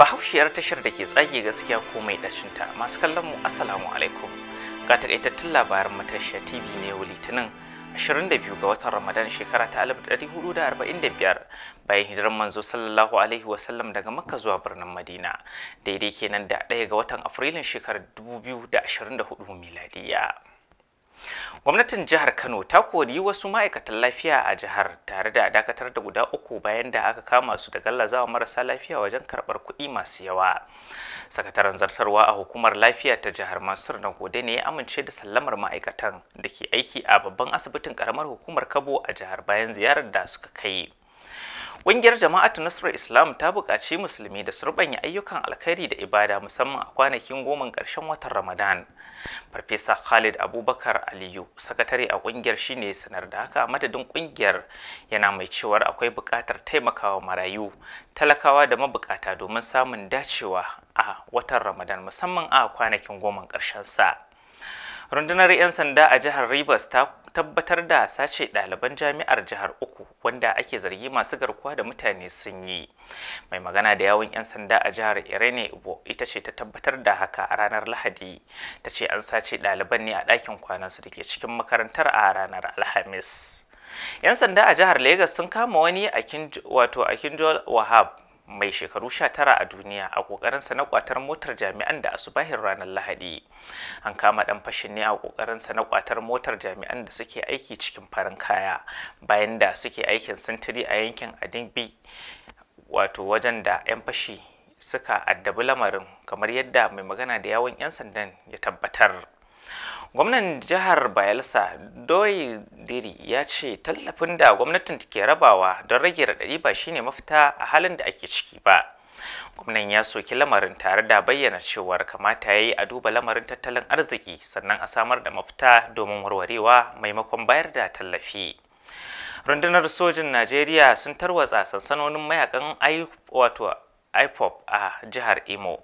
bahaushiyar tashar da ke tsage gaskiya ko mai dashinta masu kallon mu assalamu alaikum ga takaitattun labaran matashiya tv ne yau litinin 22 ga watan ramadan shekara ta 1445 bayan hijirar manzo sallallahu alaihi wasallam daga makka zuwa birnin madina daidai kenan da ɗaya ga watan afrilun shekarar 2024 miladiya gwamnatin jihar kano ta kori wasu ma'aikatan lafiya a jihar tare da dakatar da guda uku bayan da aka kama su da gallazawa marasa lafiya wajen karɓar kuɗi masu yawa sakataren zartarwa a hukumar lafiya ta jihar Masar na gode ne ya amince da sallamar ma'aikatan da ke aiki a babban asibitin karamar hukumar kabo a jihar bayan ziyarar da suka kai Ƙungiyar Jama'atu Nasarar Islam ta buƙaci musulmi da su rubanya ayyukan alkhairi da ibada musamman a kwanakin goma ƙarshen watan Ramadan. Farfesa Khalid Abubakar Aliyu, sakatare a ƙungiyar shine sanar da haka madadin ƙungiyar yana mai cewar akwai buƙatar taimakawa marayu, talakawa da mabukata domin samun dacewa a watan Ramadan musamman a kwanakin goma ƙarshen sa. Rundunar 'yan sanda a jihar Rivers ta tabbatar da sace ɗaliban jami'ar jihar uku wanda ake zargi masu garkuwa da mutane sun yi mai magana da yawon 'yan sanda a jihar irene ibo ita ce ta tabbatar da haka a ranar lahadi ta ce an sace ɗaliban ne a ɗakin kwanansu da ke cikin makarantar a ranar alhamis 'yan sanda a jihar Legas sun kama wani a wato akinjol wahab mai shekaru 19 a duniya a kokarinsa na kwatar motar jami'an da bahin ranar lahadi an kama dan fashin ne a kokarinsa na kwatar motar jami'an da suke aiki cikin farin kaya bayan da suke aikin sintiri a yankin adinbi wato wajen da 'yan fashi suka addabi lamarin kamar yadda mai magana da yawon 'yan sandan ya tabbatar gwamnan jihar bayelsa doyi diri ya ce tallafin da gwamnatin ke rabawa don rage raɗaɗi ba shine mafita a halin da ake ciki ba gwamnan ya soki lamarin tare da bayyana cewar kamata ya yi a duba lamarin tattalin arziki sannan a samar da mafita domin warwarewa maimakon bayar da tallafi rundunar sojin najeriya sun tarwatsa sansanonin mayakan wato ipop a jihar imo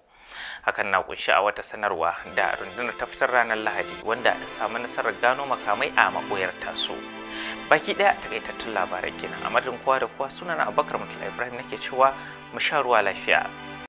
hakan na kunshi a wata sanarwa da rundunar ta fitar ranar lahadi wanda ta samu nasarar gano makamai a maboyar tasu baki daya takaitattun labaran kenan a madadin kowa da kowa sunana abubakar mutula ibrahim nake cewa mu sha ruwa lafiya